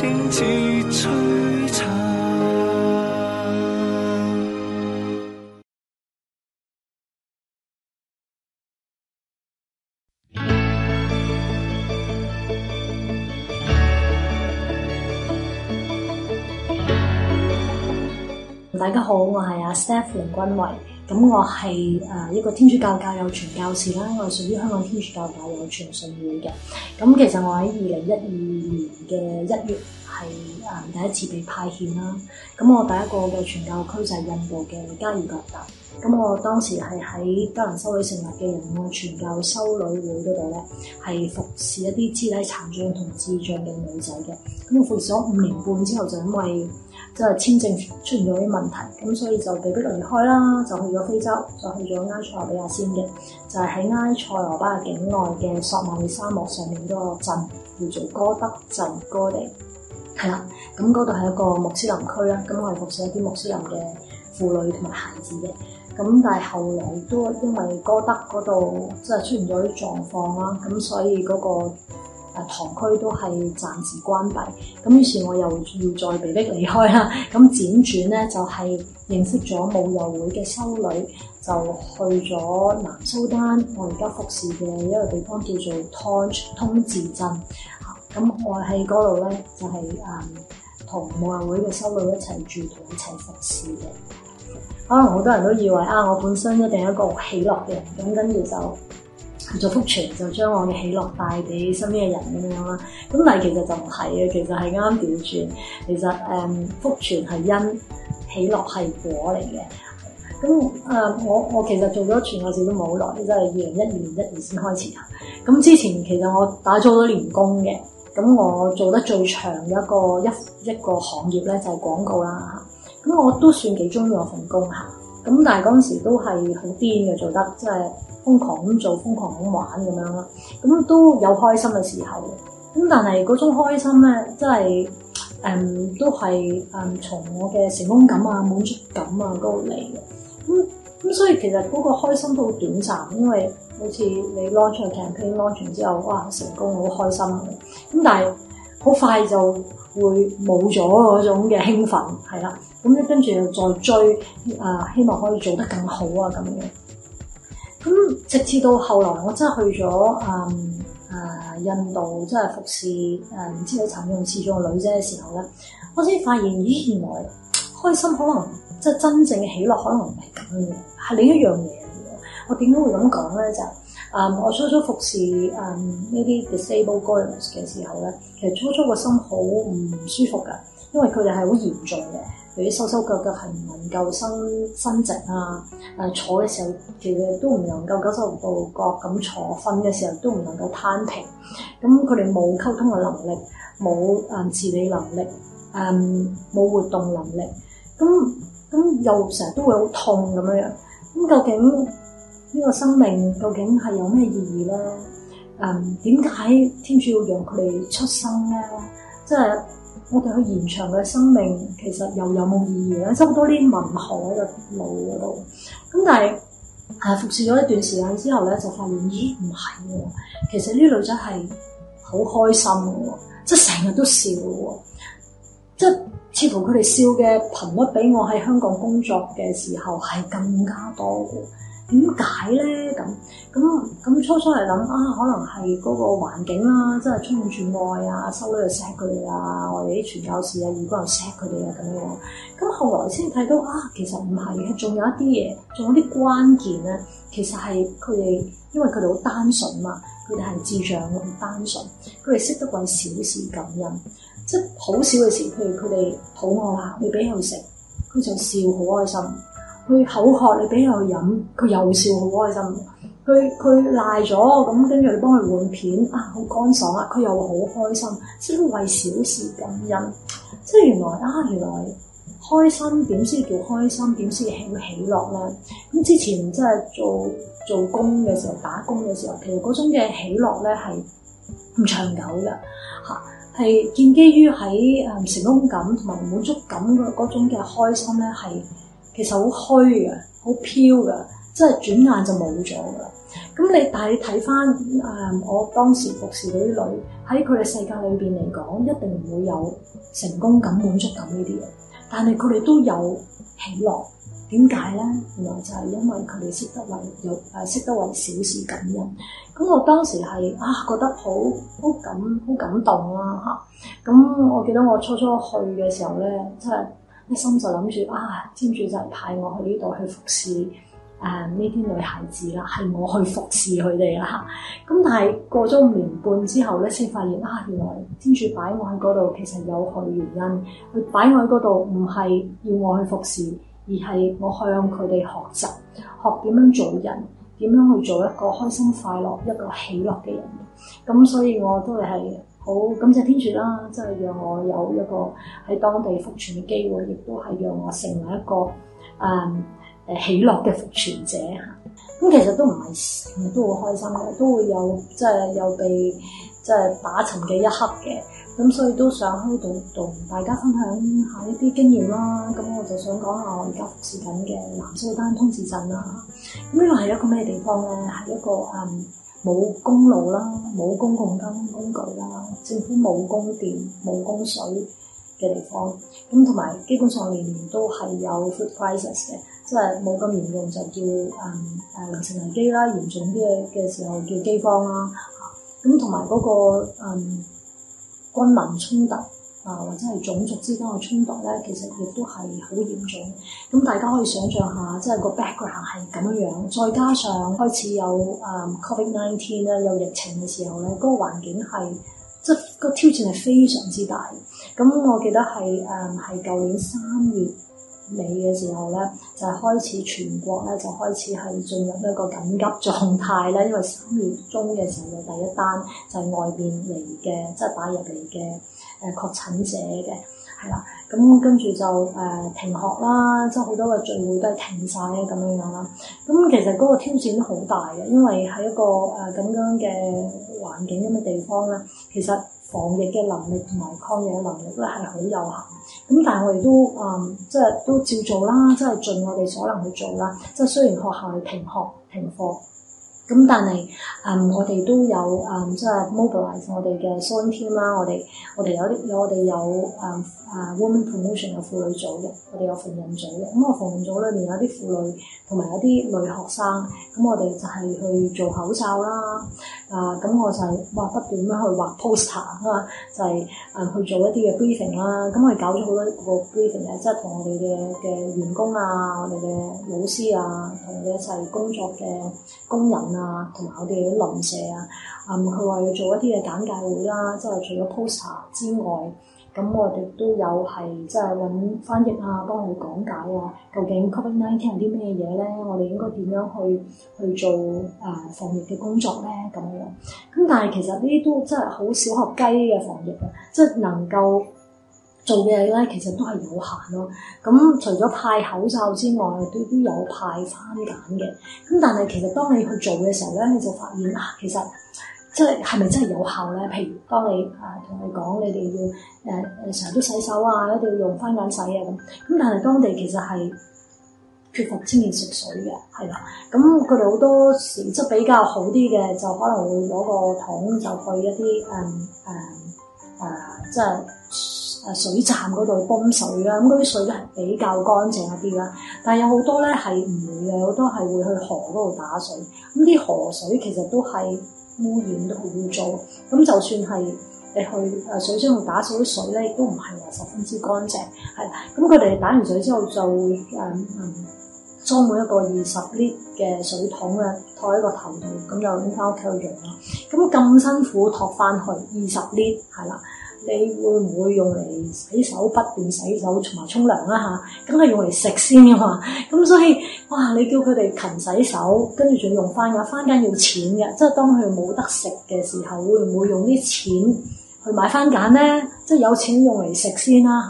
摧大家好，我係阿 Stephen 君偉。咁我係誒一個天主教教友傳教士啦，我係屬於香港天主教教友傳信會嘅。咁其實我喺二零一二年嘅一月係誒第一次被派遣啦。咁我第一個嘅傳教區就係印度嘅加爾各答。咁我當時係喺德蘭修女成立嘅仁愛傳教修女會嗰度咧，係服侍一啲肢體殘障同智障嘅女仔嘅。咁我服侍咗五年半之後就因為即係簽證出現咗啲問題，咁所以就被迫離開啦，就去咗非洲，就去咗埃塞俄比亞先嘅，就係喺埃塞俄巴嘅境內嘅索馬里沙漠上面嗰個鎮叫做戈德鎮哥地，係啦，咁嗰度係一個穆斯林區啦，咁我係服侍一啲穆斯林嘅婦女同埋孩子嘅，咁但係後來都因為戈德嗰度即係出現咗啲狀況啦，咁所以嗰、嗰個。堂區都係暫時關閉，咁於是我又要再被迫離開啦。咁輾轉咧，就係、是、認識咗母佑會嘅修女，就去咗南蘇丹。我而家服侍嘅一個地方叫做 t a n 通治鎮。咁我喺嗰度咧，就係誒同母佑會嘅修女一齊住，同一齊服侍嘅。可能好多人都以為啊，我本身一定係一個喜樂嘅人咁跟住就做福傳，就將我嘅喜樂帶俾身邊嘅人咁樣啦。咁但係其實就唔係嘅，其實係啱啱調轉。其實誒、嗯，福傳係因，喜樂係果嚟嘅。咁啊、嗯，我我其實做咗傳愛事都冇好耐，都係二零一二年一二先開始啊。咁之前其實我打咗好多年工嘅，咁我做得最長一個一一個行業咧就係、是、廣告啦。咁我都算幾鍾意我份工嚇。咁但係嗰陣時都係好癲嘅，做得即係。就是瘋狂咁做，瘋狂咁玩咁樣啦，咁都有開心嘅時候嘅，咁但係嗰種開心咧，真係誒、嗯、都係誒從我嘅成功感啊、滿足感啊嗰度嚟嘅，咁、嗯、咁、嗯、所以其實嗰個開心都好短暫，因為好似你 launch campaign launch 完之後，哇成功好開心，咁但係好快就會冇咗嗰種嘅興奮，係啦，咁你跟住又再追啊，希望可以做得更好啊咁樣。咁直至到後來，我真係去咗誒誒印度，真係服侍誒唔、嗯、知你曾用次種女仔嘅時候咧，我先發現咦原來開心可能即係真正嘅喜樂，可能唔係咁嘅，係另一樣嘢嚟嘅。我點解會咁講咧？就誒、是嗯、我初初服侍誒呢啲 disabled girls 嘅時候咧，其實初初個心好唔舒服㗎，因為佢哋係好嚴重嘅。佢哋收收腳腳係唔能夠伸伸直啊！誒、呃，坐嘅時候其實都唔能夠九十度角咁坐，瞓嘅時候都唔能夠攤平。咁佢哋冇溝通嘅能力，冇誒自理能力，誒、嗯、冇活動能力。咁、嗯、咁、嗯、又成日都會好痛咁樣樣。咁、嗯、究竟呢個生命究竟係有咩意義咧？誒、嗯，點解天主要讓佢哋出生咧？即係。我哋去延長佢嘅生命，其實又有冇意義咧？差唔多啲文學喺個腦嗰度，咁但係誒、啊、服侍咗一段時間之後咧，就發現咦唔係喎，其實呢女仔係好開心喎，即係成日都笑喎，即係似乎佢哋笑嘅頻率比我喺香港工作嘅時候係更加多嘅。點解咧？咁咁咁初初係諗啊，可能係嗰個環境啦，真係充滿住愛啊，修女又錫佢哋啦，我哋啲傳教士啊，如果又錫佢哋啊，咁咁後來先睇到啊，其實唔係，仲有一啲嘢，仲有啲關鍵咧。其實係佢哋，因為佢哋好單純嘛，佢哋係智障，好單純，佢哋識得為小事感恩，即係好小嘅事，譬如佢哋肚餓啦，你俾佢食，佢就笑，好開心。佢口渴，你俾佢去飲，佢又笑好開心。佢佢瀨咗咁，跟住你幫佢換片啊，好乾爽啊！佢又話好開心，即係為小事感恩。即係原來啊，原來開心點先叫開心，點先係會喜樂咧？咁之前即係做做工嘅時候，打工嘅時候，其實嗰種嘅喜樂咧係唔長久嘅吓，係建基於喺誒成功感同埋滿足感嘅嗰種嘅開心咧係。其實好虛嘅，好飄嘅，即係轉眼就冇咗啦。咁你但係睇返誒，我當時服侍嗰啲女喺佢哋世界裏邊嚟講，一定唔會有成功感、滿足感呢啲嘢。但係佢哋都有喜樂，點解咧？原來就係因為佢哋識得為有誒識得為小事感恩。咁我當時係啊，覺得好好感好感動啦、啊、嚇。咁我記得我初初我去嘅時候咧，真係。一心就諗住啊，天主就係派我去呢度去服侍誒呢啲女孩子啦，係我去服侍佢哋啦。咁但係過咗五年半之後咧，先發現啊，原來天主擺我喺嗰度其實有佢原因，佢擺我喺嗰度唔係要我去服侍，而係我向佢哋學習，學點樣做人，點樣去做一個開心快樂、一個喜樂嘅人。咁所以我都係。好，感謝天主啦，即係讓我有一個喺當地復存嘅機會，亦都係讓我成為一個誒誒喜樂嘅復存者嚇。咁其實都唔係成日都好開心嘅，都會有即係又被即係打沉嘅一刻嘅。咁所以都想喺呢度同大家分享下一啲經驗啦。咁我就想講下我而家服侍緊嘅南蘇丹通市鎮啦。咁呢個係一個咩地方咧？係一個誒。嗯冇公路啦，冇公共交通工具啦，政府冇供電，冇供水嘅地方，咁同埋基本上年年都係有 food crisis 嘅，即係冇咁嚴重就叫嗯誒、呃、糧食危機啦，嚴重啲嘅嘅時候叫饑荒啦，咁同埋嗰個嗯軍民衝突。啊，或者係種族之間嘅衝突咧，其實亦都係好嚴重。咁大家可以想象下，即係個 background 係咁樣樣，再加上開始有啊、um, Covid Nineteen 咧，19, 有疫情嘅時候咧，嗰、那個環境係即個挑戰係非常之大。咁我記得係誒係舊年三月尾嘅時候咧，就開始全國咧就開始係進入一個緊急狀態咧，因為三月中嘅時候有第一單就係外邊嚟嘅，即係擺入嚟嘅。誒確診者嘅係啦，咁跟住就誒、呃、停學啦，即係好多嘅聚會都係停曬咁樣樣啦。咁其實嗰個挑戰都好大嘅，因為喺一個誒咁、呃、樣嘅環境咁嘅地方咧，其實防疫嘅能力同埋抗疫嘅能力咧係好有限。咁但係我哋都誒、呃、即係都照做啦，即係盡我哋所能去做啦。即係雖然學校係停學停課。咁但係，嗯、um，我哋都有，嗯、um，即係 mobilise 我哋嘅 sewing team 啦，我哋我哋有啲，有我哋有，嗯、um，啊、uh, women promotion 嘅婦女組嘅，我哋有婦女組嘅，咁我婦女組裏面有啲婦女同埋有啲女學生，咁我哋就係去做口罩啦。啊，咁我就係話不斷去畫 poster 啊，就係、是、啊、嗯、去做一啲嘅 briefing 啦、啊。咁我哋搞咗好多個 briefing 啊，即係同我哋嘅嘅員工啊，我哋嘅老師啊，同我哋一齊工作嘅工人啊，同埋我哋啲鄰舍啊，嗯，佢話要做一啲嘅簡介會啦、啊，即係除咗 poster 之外。咁我哋都有係即係揾翻譯啊，幫我哋講解啊，究竟 COVID nineteen 係啲咩嘢咧？我哋應該點樣去去做誒、呃、防疫嘅工作咧？咁樣，咁但係其實呢啲都真係好小學雞嘅防疫啊，即係能夠做嘅嘢咧，其實都係有限咯。咁除咗派口罩之外，都有派餐減嘅。咁但係其實當你去做嘅時候咧，你就發現啊，其實～即係係咪真係有效咧？譬如當你啊，同你講，你哋要誒誒成日都洗手啊，一定要用番梘洗啊咁。咁但係當地其實係缺乏清潔食水嘅，係啦。咁佢哋好多時水質比較好啲嘅，就可能會攞個桶就去一啲誒誒誒，即係誒水站嗰度泵水啦。咁嗰啲水咧係比較乾淨一啲啦。但係有好多咧係唔會嘅，好多係會去河嗰度打水。咁啲河水其實都係。污染都好污糟，咁就算係你去誒水箱度打掃啲水咧，亦都唔係話十分之乾淨，係啦。咁佢哋打完水之後就會誒、嗯嗯、裝滿一個二十 lit 嘅水桶咧，託喺個頭度，咁就拎翻屋企去用啦。咁咁辛苦托翻去二十 lit，係啦。你會唔會用嚟洗手、不斷洗手同埋沖涼啦嚇？梗係用嚟食先嘅嘛。咁所以，哇！你叫佢哋勤洗手，跟住仲用番梘，番梘要錢嘅，即係當佢冇得食嘅時候，會唔會用啲錢去買番梘咧？即係有錢用嚟食先啦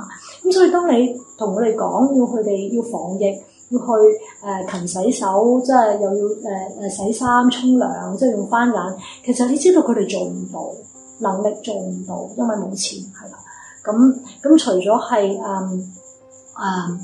嚇。咁所以，當你同佢哋講要佢哋要防疫，要去誒勤洗手，即係又要誒誒洗衫、沖涼，即係用番梘。其實你知道佢哋做唔到。能力做唔到，因為冇錢，係啦。咁咁除咗係誒誒，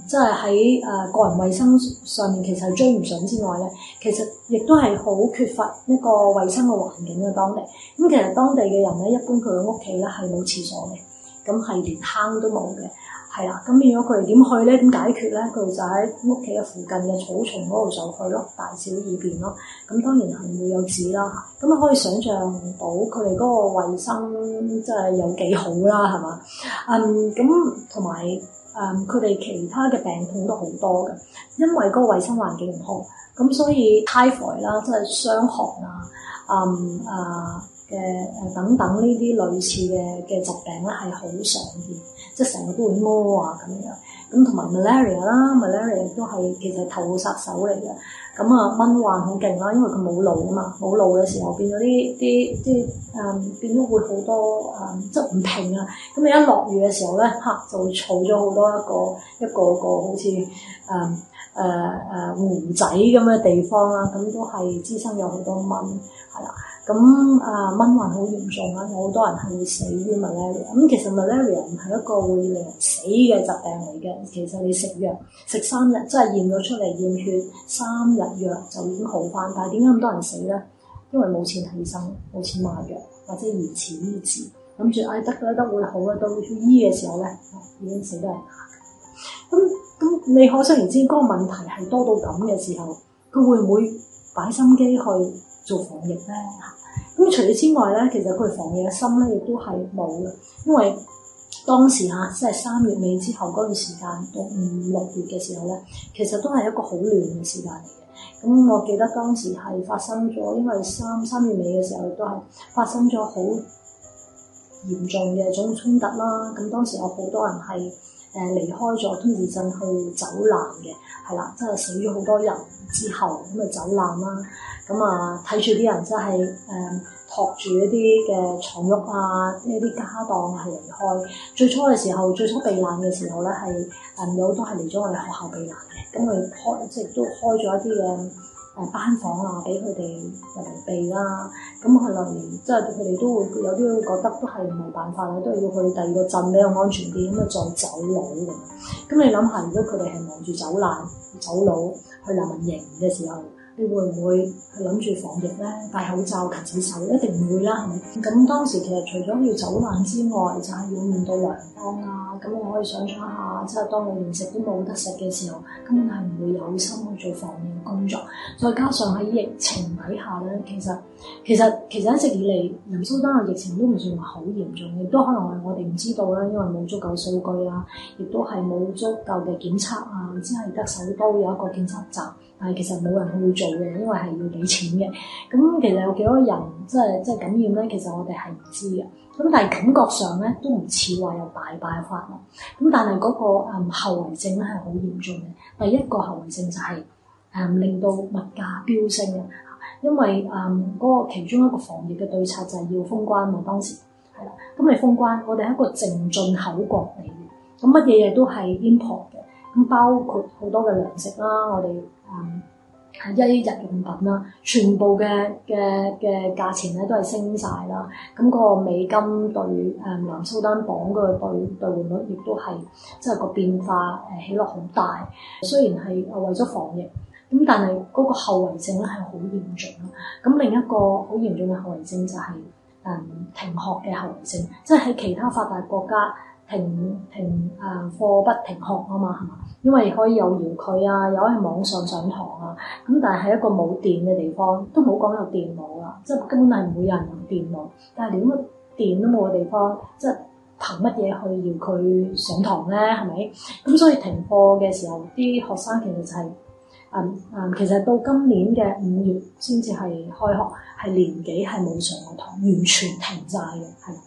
即係喺誒個人衞生上面其實係追唔上之外咧，其實亦都係好缺乏一個衞生嘅環境嘅當地。咁其實當地嘅人咧，一般佢嘅屋企咧係冇廁所嘅，咁係連坑都冇嘅。係啦，咁如果佢哋點去咧，點解決咧？佢哋就喺屋企嘅附近嘅草叢嗰度就去咯，大小二便咯。咁當然係唔會有紙啦。咁你可以想象到佢哋嗰個衞生即係有幾好啦，係嘛？嗯，咁同埋誒佢哋其他嘅病痛都好多嘅，因為個衞生環境唔好，咁所以 typhoid 啦，即係傷寒啊，嗯啊嘅誒等等呢啲類似嘅嘅疾病咧係好常見。即係成日都會屙啊咁樣，咁同埋 malaria 啦，malaria 都係其實係頭號殺手嚟嘅。咁啊蚊患好勁啦，因為佢冇腦啊嘛，冇腦嘅時候變咗啲啲啲誒，變咗會好多誒、嗯，即係唔平啊。咁你一落雨嘅時候咧，吓就會儲咗好多一個，一個一個個好似誒誒誒湖仔咁嘅地方啦，咁都係滋生有好多蚊係啊。咁啊蚊患好嚴重啊，有好多人係會死於 malaria 嘅。咁其實 malaria 唔係一個會令人死嘅疾病嚟嘅，其實你食藥食三日，真係驗咗出嚟驗血三日藥就已經好翻。但係點解咁多人死咧？因為冇錢睇醫生，冇錢買藥，或者延遲醫治，諗住哎得啦得，得會好啦，到醫嘅時候咧已經死得人。咁咁你可想而知，這個問題係多到咁嘅時候，佢會唔會擺心機去，去做防疫咧？咁除咗之外咧，其實佢防疫嘅心咧，亦都係冇嘅。因為當時吓，即係三月尾之後嗰段，那個，時間到五六月嘅時候咧，其實都係一個好亂嘅時間嚟嘅。咁我記得當時係發生咗，因為三三月尾嘅時候都係發生咗好嚴重嘅一種衝突啦。咁當時有好多人係誒離開咗通義鎮去走難嘅，係啦，即係死咗好多人之後咁咪走難啦。咁、就是嗯、啊，睇住啲人真係誒託住一啲嘅床褥啊，一啲家當係離開。最初嘅時候，最初避難嘅時候咧，係朋友都多係嚟咗我哋學校避難嘅。咁佢開即係都開咗一啲嘅誒班房啊，俾佢哋入嚟避啦。咁佢哋即係佢哋都會有啲覺得都係冇係辦法啦，都係要去第二個鎮比較安全啲，咁啊再走佬。咁你諗下，如果佢哋係望住走難走佬去難民營嘅時候，你會唔會係諗住防疫咧？戴口罩、勤洗手，一定唔會啦，係咪？咁當時其實除咗要走難之外，就係、是、要面對糧荒啊。咁你可以想象一下，即係當你連食都冇得食嘅時候，根本係唔會有心去做防疫工作。再加上喺疫情底下咧，其實其實其實一直以嚟，年初嗰個疫情都唔算話好嚴重，亦都可能係我哋唔知道啦，因為冇足夠數據啊，亦都係冇足夠嘅檢測啊，只係得首都有一個檢測站。係，其實冇人會做嘅，因為係要俾錢嘅。咁其實有幾多人即係即係感染咧？其實我哋係唔知嘅。咁但係感覺上咧都唔似話有大爆發。咁但係嗰、那個嗯後遺症咧係好嚴重嘅。第一個後遺症就係、是、誒、嗯、令到物價飆升嘅，因為誒嗰、嗯那個其中一個防疫嘅對策就係要封關嘛。當時係啦，咁你封關，我哋係一個淨進口國嚟嘅，咁乜嘢嘢都係 import 嘅，咁包括好多嘅糧食啦，我哋。誒係、嗯、一日用品啦，全部嘅嘅嘅價錢咧都係升晒啦。咁、那個美金對誒南蘇丹鎊嘅對對換率亦都係即係個變化誒、呃、起落好大。雖然係為咗防疫，咁但係嗰個後遺症咧係好嚴重啦。咁另一個好嚴重嘅後遺症就係、是、誒、嗯、停學嘅後遺症，即係喺其他發達國家。停停啊、呃！課不停學啊嘛，係嘛？因為可以有遙距啊，有喺網上上堂啊。咁但係喺一個冇電嘅地方，都冇講有，有電腦啦、啊，即係根本係冇人電腦。但係連乜電都冇嘅地方，即係憑乜嘢去遙距上堂咧？係咪？咁所以停課嘅時候，啲學生其實就係啊啊！其實到今年嘅五月先至係開學，係年幾係冇上過堂，完全停晒嘅係。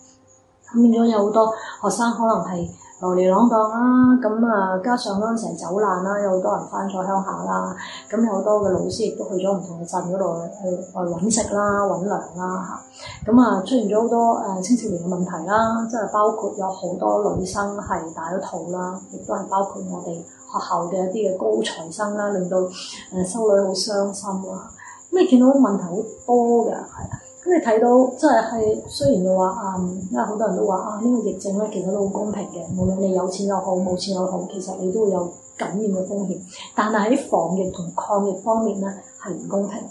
咁變咗有好多學生可能係流離浪蕩啦，咁啊加上嗰陣走難啦，有好多人翻咗鄉下啦，咁有好多嘅老師亦都去咗唔同嘅鎮嗰度去去揾食啦、揾糧啦嚇，咁啊出現咗好多誒青少年嘅問題啦，即係包括有好多女生係大咗肚啦，亦都係包括我哋學校嘅一啲嘅高材生啦，令到誒修女好傷心啦，你見到問題好多嘅係啦。咁你睇到，即係係雖然嘅話啊，因為好多人都話啊，呢個疫症咧其實都好公平嘅，無論你有錢又好，冇錢又好，其實你都會有感染嘅風險。但係喺防疫同抗疫方面咧，係唔公平嘅。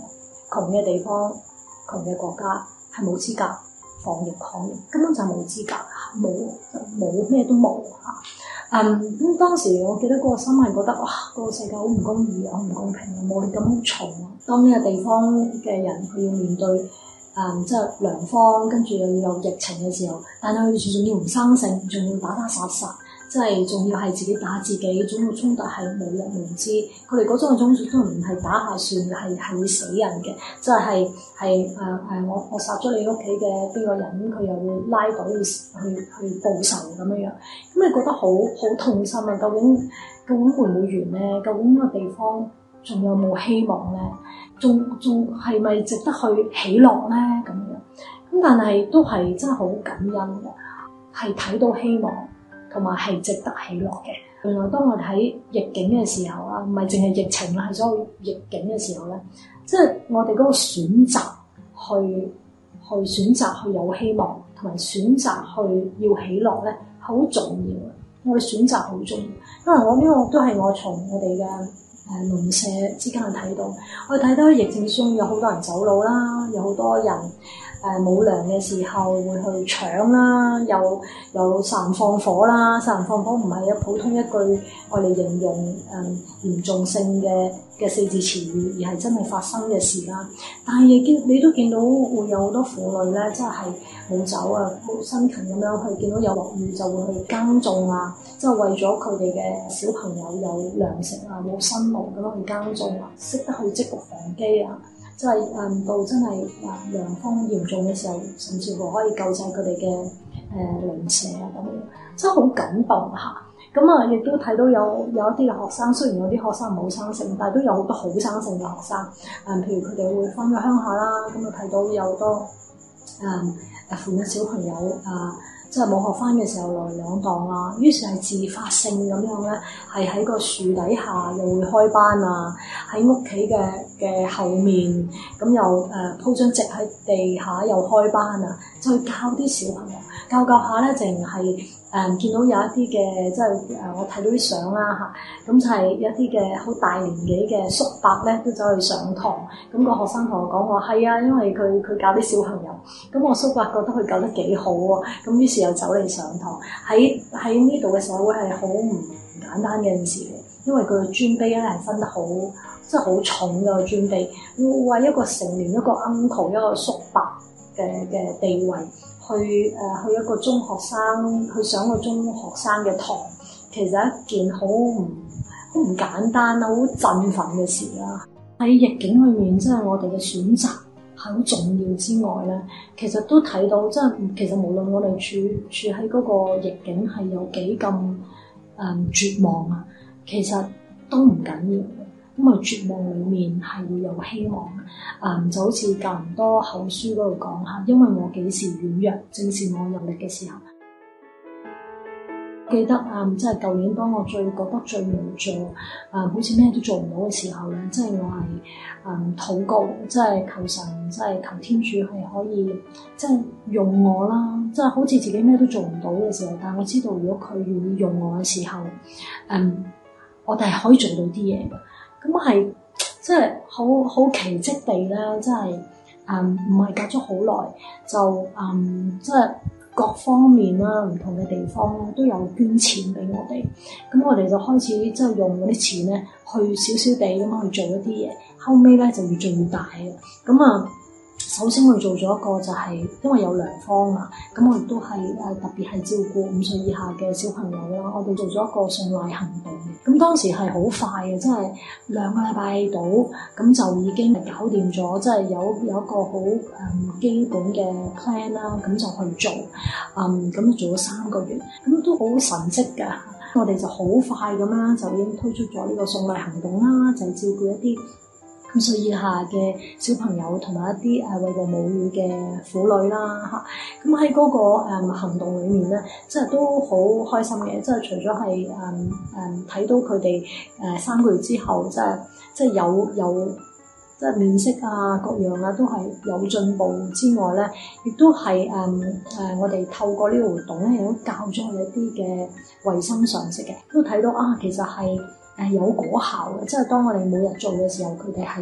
窮嘅地方、窮嘅國家係冇資格防疫抗疫，根本就係冇資格，冇就冇咩都冇嚇。嗯，咁當時我記得個心係覺得，哇，個世界好唔公義啊，好唔公平啊，冇你咁重啊。當呢個地方嘅人佢要面對。嗯，即係良方，跟住又有疫情嘅時候，但係佢仲要唔生性，仲要打打殺殺，即係仲要係自己打自己，種種衝突係無日無之。佢哋嗰種種種都唔係打下算，係係會死人嘅，即係係誒誒，我我殺咗你屋企嘅邊個人，佢又會拉到去去去報仇咁樣樣。咁你覺得好好痛心啊！究竟究竟會唔會完咧？究竟呢個地方仲有冇希望咧？仲仲係咪值得去喜樂咧？咁樣咁，但係都係真係好感恩嘅，係睇到希望，同埋係值得喜樂嘅。原來當我哋喺逆境嘅時候啊，唔係淨係疫情啦，係所有逆境嘅時候咧，即係我哋嗰個選擇去去選擇去有希望，同埋選擇去要喜樂咧，好重要嘅。我哋選擇好重要，因為我呢個都係我從我哋嘅。誒，鄰舍之間睇到，我哋睇到疫情中有好多人走佬啦，有好多人。誒冇、呃、糧嘅時候會去搶啦，又又殺人放火啦，殺人放火唔係一普通一句我哋形容誒、嗯、嚴重性嘅嘅四字詞語，而係真係發生嘅事啦。但係見你都見到會有好多婦女咧，真係冇走啊，辛勤咁樣去見到有落雨就會去耕種啊，即係為咗佢哋嘅小朋友有糧食啊，冇生路咁樣去耕種啊，識得去積穀防饑啊。即係誒到真係話陽康嚴重嘅時候，甚至乎可以救濟佢哋嘅誒零舍啊咁樣，真係好感動嚇。咁啊，亦都睇到有有一啲嘅學生，雖然有啲學生冇生性，但係都有好多好生性嘅學生。誒、啊，譬如佢哋會翻咗鄉下啦，咁啊睇到有好多誒誒附近小朋友啊。即係冇學返嘅時候來兩檔啊，於是係自發性咁樣咧，係喺個樹底下又會開班啊，喺屋企嘅嘅後面咁又誒、呃、鋪張席喺地下又開班啊，再教啲小朋友教一教一下咧，淨係。誒、嗯、見到有一啲嘅，即係誒我睇到啲相啦嚇，咁、啊、就係有一啲嘅好大年紀嘅叔伯咧，都走去上堂。咁、那個學生同我講話，係啊，因為佢佢教啲小朋友。咁我叔伯覺得佢教得幾好喎，咁於是又走嚟上堂。喺喺呢度嘅社會係好唔簡單嘅件事，因為佢尊卑係分得好，即係好重嘅尊卑。為一個成年一個 uncle 一個叔伯嘅嘅地位。去誒去一個中學生去上個中學生嘅堂，其實一件好唔好唔簡單啦，好振奮嘅事啦。喺逆境裏面，即係我哋嘅選擇係好重要之外咧，其實都睇到即係其實無論我哋處處喺嗰個逆境係有幾咁誒絕望啊，其實都唔緊要。因為絕望裡面係會有希望啊、嗯，就好似格林多後書嗰度講下，因為我幾時軟弱，正是我有力嘅時候。 記得啊，即係舊年當我最覺得最無助啊，好似咩都做唔到嘅時候咧，即、嗯、係、嗯、我係啊，禱、嗯、告，即、就、係、是、求神，即、就、係、是、求天主係可以即係、就是、用我啦。即、就、係、是、好似自己咩都做唔到嘅時候，但我知道如果佢要用我嘅時候，嗯，我哋係可以做到啲嘢嘅。咁係即係好好奇蹟地咧，即係嗯唔係隔咗好耐，就嗯即係各方面啦，唔同嘅地方咧都有捐錢俾我哋，咁我哋就開始即係用嗰啲錢咧，去少少地咁樣去做一啲嘢，後尾咧就越做越大嘅，咁啊。首先我哋做咗一個就係、是、因為有良方啊，咁我哋都係誒特別係照顧五歲以下嘅小朋友啦。我哋做咗一個送禮行動嘅，咁當時係好快嘅，即係兩個禮拜到，咁就已經搞掂咗，即、就、係、是、有有一個好誒基本嘅 plan 啦，咁就去做，嗯，咁做咗三個月，咁都好神蹟㗎。我哋就好快咁啦，就已經推出咗呢個送禮行動啦，就係、是、照顧一啲，五歲以，以下嘅小朋友同埋一啲誒、啊、餵哺母乳嘅婦女啦嚇，咁喺嗰個、嗯、行動裏面咧，即係都好開心嘅，即係除咗係誒誒睇到佢哋誒三個月之後，即係即係有有即係面色啊各樣啊都係有進步之外咧，亦都係誒誒我哋透過呢個活動咧，都教咗我哋一啲嘅衞生常識嘅，都睇到啊，其實係。誒有果效嘅，即係當我哋每日做嘅時候，佢哋係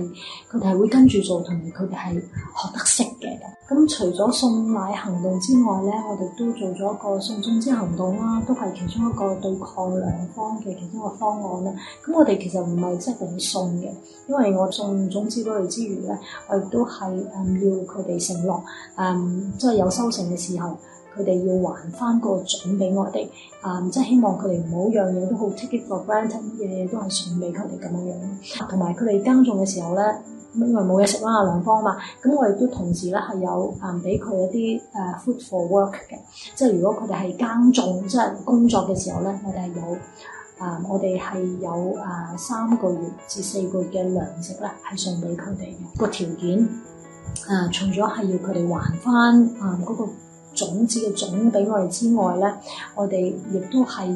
佢哋係會跟住做，同埋佢哋係學得識嘅。咁除咗送奶行動之外咧，我哋都做咗個送種子行動啦，都係其中一個對抗兩方嘅其中一個方案啦。咁我哋其實唔係即係純送嘅，因為我送種子嗰度之餘咧，我亦都係誒要佢哋承諾，誒即係有收成嘅時候。佢哋要還翻個種俾我哋，啊、嗯，即係希望佢哋唔好樣嘢都好 take it for granted，樣嘢都係送俾佢哋咁樣咯。同埋佢哋耕種嘅時候咧，因為冇嘢食啦，兩方啊嘛，咁我哋都同時咧係有啊，俾佢一啲誒 food for work 嘅，即係如果佢哋係耕種即係工作嘅時候咧，我哋係有啊、嗯，我哋係有啊三個月至四個月嘅糧食咧，係送俾佢哋嘅個條件。啊、嗯，除咗係要佢哋還翻啊嗰個種子嘅種俾我哋之外咧，我哋亦都係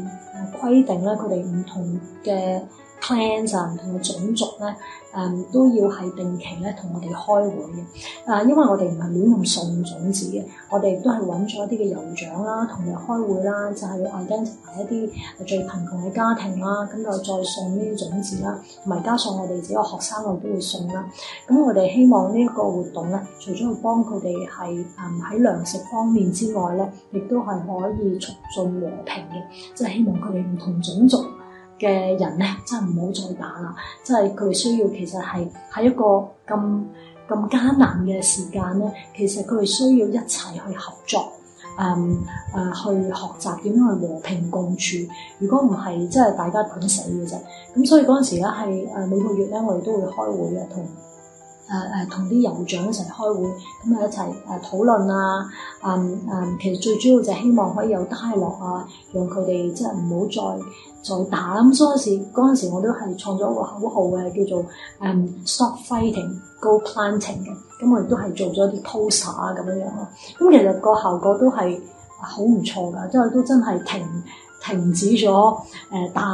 規定咧，佢哋唔同嘅。plan s plans, 啊，唔同嘅種族咧，誒、嗯、都要係定期咧同我哋開會嘅。誒、啊，因為我哋唔係亂用「送種子嘅，我哋都係揾咗一啲嘅酋長啦，同佢開會啦，就係、是、identify 一啲最貧窮嘅家庭啦，咁、啊、就再送呢啲種,種子啦。同、啊、埋加上我哋自己個學生我都會送啦。咁、啊、我哋希望呢一個活動咧，除咗要幫佢哋係誒喺糧食方面之外咧，亦都係可以促進和平嘅，即係希望佢哋唔同種族。嘅人咧，真係唔好再打啦！即係佢哋需要其，其實係喺一個咁咁艱難嘅時間咧，其實佢哋需要一齊去合作，誒、嗯、誒、呃，去學習點樣去和平共處。如果唔係，即係大家等死嘅啫。咁所以嗰陣時咧，係誒每個月咧，我哋都會開會嘅同。誒誒，同啲、呃、酋長一齊開會，咁啊一齊誒討論啊，嗯嗯，其實最主要就希望可以有啲快樂啊，讓佢哋即係唔好再再打。咁所以時，嗰陣時我都係創咗個口號嘅，叫做誒、嗯、Stop Fighting, Go Planting 嘅。咁、嗯、我亦都係做咗啲 poster 啊咁樣樣咯。咁、嗯、其實個效果都係好唔錯㗎，即係都真係停。停止咗，誒、呃、打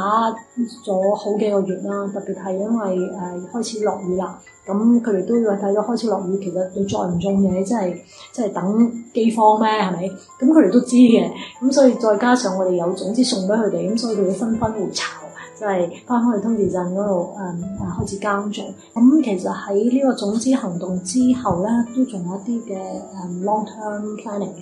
咗好幾個月啦。特別係因為誒、呃、開始落雨啦，咁佢哋都要睇，咗開始落雨，其實佢再唔種嘅，真係真係等饑荒咩？係咪？咁佢哋都知嘅，咁所以再加上我哋有種子送俾佢哋，咁所以佢哋紛紛會炒。就係翻去通事鎮嗰度，嗯，開始耕種。咁其實喺呢個種植行動之後咧，都仲有一啲嘅嗯 long-term planning 嘅。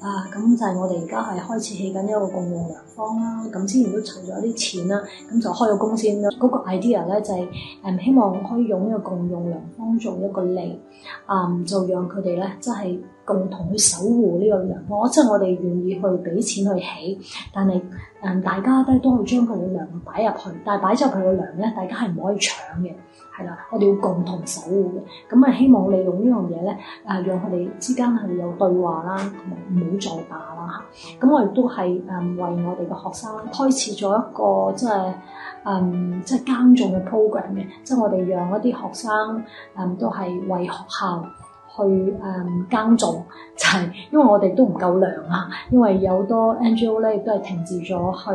啊，咁就係我哋而家係開始起緊一個共用良方啦、啊。咁之前都籌咗啲錢啦、啊，咁就開咗工先啦。嗰個 idea 咧就係、是，嗯，希望可以用呢個共用良方做一個利，嗯，就讓佢哋咧，即係。共同去守護呢個糧荒，即係我哋願意去俾錢去起，但係誒、嗯、大家咧都會將佢嘅糧擺入去，但係擺咗入去嘅糧咧，大家係唔可以搶嘅，係啦，我哋要共同守護嘅。咁、嗯、啊，希望利用呢樣嘢咧，誒、啊、讓佢哋之間係有對話啦，同埋唔好再打啦嚇。咁、啊嗯、我亦都係誒為我哋嘅學生開始咗一個即係誒即係耕種嘅 program 嘅，即係、嗯、我哋讓一啲學生誒、嗯、都係為學校。去誒、嗯、耕種，就係、是、因為我哋都唔夠糧啊！因為有好多 NGO 咧，亦都係停止咗去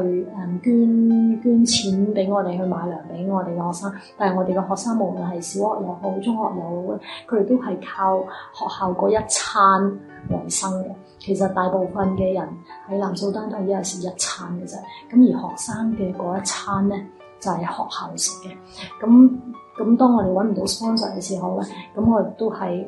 誒捐捐錢俾我哋去買糧俾我哋嘅學生。但係我哋嘅學生無論係小學又好，中學又好，佢哋都係靠學校嗰一餐為生嘅。其實大部分嘅人喺藍素丹南蘇丹都一日食一餐嘅啫。咁而學生嘅嗰一餐咧，就係、是、學校食嘅。咁咁當我哋揾唔到 sponsor 嘅時候咧，咁我哋都係誒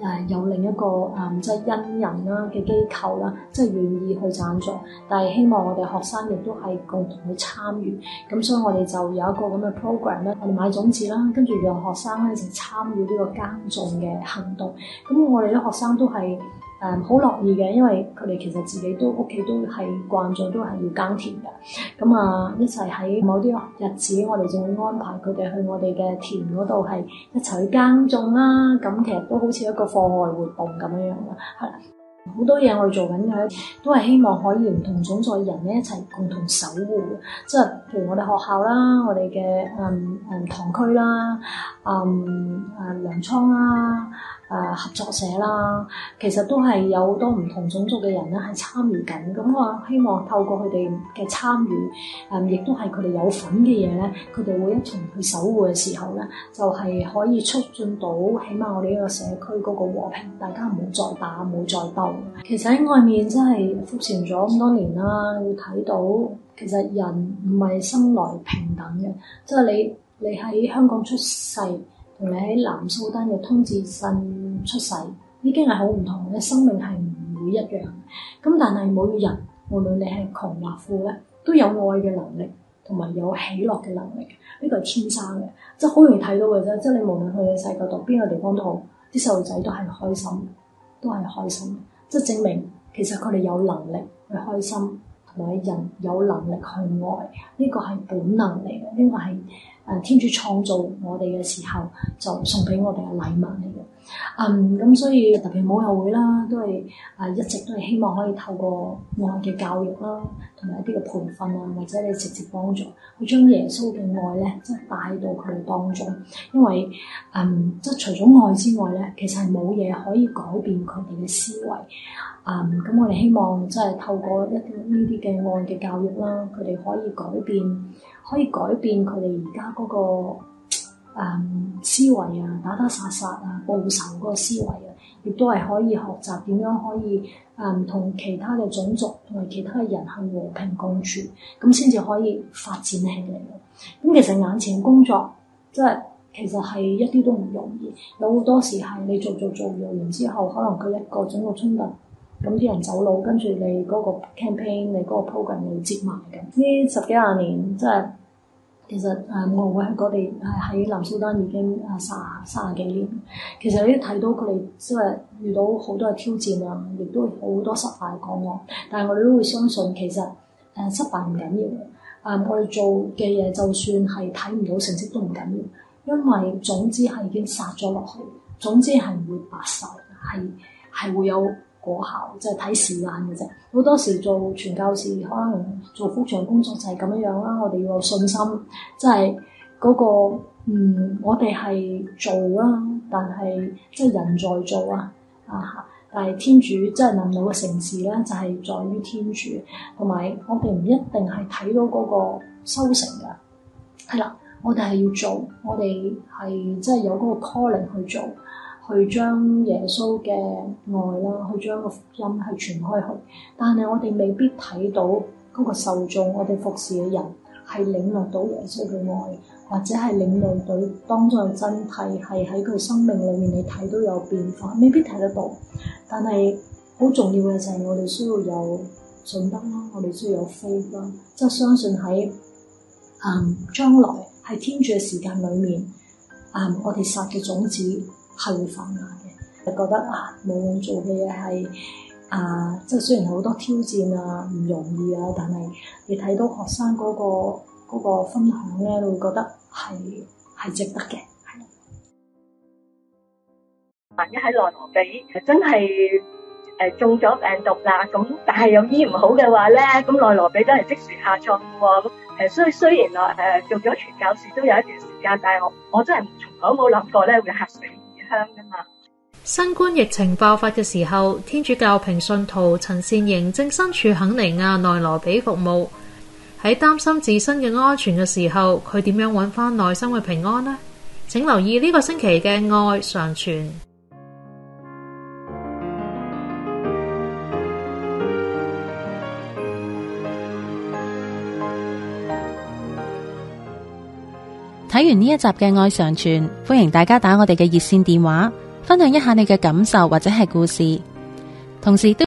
誒有另一個誒、嗯、即係恩人啦嘅機構啦，即係願意去贊助，但係希望我哋學生亦都係共同去參與。咁所以我哋就有一個咁嘅 program 咧，我哋買種子啦，跟住讓學生咧就參與呢個耕種嘅行動。咁我哋啲學生都係，誒好，嗯、樂意嘅，因為佢哋其實自己都屋企都係慣咗，都係要耕田嘅。咁，啊，一齊喺某啲日子，我哋就會安排佢哋去我哋嘅田嗰度，係一齊去耕種啦。咁、啊嗯、其實都好似一個課外活動咁樣樣啦。係好多嘢我哋做緊嘅，都係希望可以唔同種菜人咧一齊共同守護。即係譬如我哋學校啦，我哋嘅誒誒堂區啦，誒、嗯、誒、嗯、糧倉啦。啊誒、呃、合作社啦，其實都係有好多唔同種族嘅人咧，係參與緊。咁我希望透過佢哋嘅參與，誒、嗯、亦都係佢哋有份嘅嘢咧，佢哋會一齊去守護嘅時候咧，就係、是、可以促進到起碼我哋呢個社區嗰個和平，大家唔好再打，唔好再鬥。其實喺外面真係浮沉咗咁多年啦，會睇到其實人唔係生來平等嘅，即、就、係、是、你你喺香港出世。同你喺南蘇丹嘅通知信出世，已經係好唔同嘅生命係唔會一樣。咁但係每個人，無論你係窮或富咧，都有愛嘅能力，同埋有喜樂嘅能力。呢個係天生嘅，即係好容易睇到嘅啫。即係你無論去你世界度邊個地方都好，啲細路仔都係開心，都係開心。即係證明其實佢哋有能力去開心，同埋人有能力去愛，呢個係本能嚟嘅，呢個係。誒天主創造我哋嘅時候，就送俾我哋嘅禮物嚟嘅。嗯，咁所以特別母佑會啦，都係誒一直都係希望可以透過愛嘅教育啦，同埋一啲嘅培訓啊，或者你直接幫助，去將耶穌嘅愛咧，即係帶到佢哋當中。因為嗯，即係除咗愛之外咧，其實係冇嘢可以改變佢哋嘅思維。啊、嗯，咁我哋希望即係透過一啲呢啲嘅愛嘅教育啦，佢哋可以改變。可以改變佢哋而家嗰個、嗯、思維啊，打打殺殺啊，報仇嗰個思維啊，亦都係可以學習點樣可以誒、嗯、同其他嘅種族同埋其他嘅人係和平共處，咁先至可以發展起嚟咯。咁、嗯、其實眼前工作即係其實係一啲都唔容易，有好多時係你做做做做完之後，可能佢一個整個衝突。咁啲人走佬，跟住你嗰個 campaign，你嗰個 program 會接埋嘅。呢十幾廿年，即係其實誒、嗯，我喺我哋係喺南蘇丹已經啊卅卅幾年。其實你睇到佢哋即係遇到好多嘅挑戰啊，亦都好多失敗嘅方案。但係我哋都會相信，其實誒失敗唔緊要啊、嗯，我哋做嘅嘢就算係睇唔到成績都唔緊要，因為總之係已經撒咗落去，總之係唔會白曬，係係會有。有效，即係睇時間嘅啫。好多時做傳教士，可能做服長工作就係咁樣樣啦。我哋要有信心，即係嗰個嗯，我哋係做啦，但係即係人在做啊啊，但係天主真係能有嘅成事咧，就係在於天主。同埋我哋唔一定係睇到嗰個收成嘅，係啦，我哋係要做，我哋係即係有嗰個 calling 去做。去將耶穌嘅愛啦，去將個福音係傳開去。但係我哋未必睇到嗰個受眾，我哋服侍嘅人係領略到耶穌嘅愛，或者係領略到當中嘅真諦係喺佢生命裏面，你睇到有變化，未必睇得到。但係好重要嘅就係我哋需要有信德啦，我哋需要有 faith 啦，即係、就是、相信喺嗯將來喺天主嘅時間裏面，啊、嗯，我哋撒嘅種子。係會犯難嘅，就覺得啊，冇咁做嘅嘢係啊，即係雖然係好多挑戰啊，唔容易啊，但係你睇到學生嗰個嗰個分享咧，都會覺得係係值得嘅。係萬一喺內羅比真係誒中咗病毒啦，咁但係又醫唔好嘅話咧，咁內羅比都係即時下葬喎。誒，雖雖然我誒做咗全教士都有一段時間，但係我我真係從嚟冇諗過咧會嚇死。香新冠疫情爆發嘅時候，天主教平信徒陳善盈正身處肯尼亞內羅比服務。喺擔心自身嘅安全嘅時候，佢點樣揾翻內心嘅平安呢？請留意呢個星期嘅愛常存。睇完呢一集嘅《愛上傳》，歡迎大家打我哋嘅熱線電話，分享一下你嘅感受或者係故事，同時都。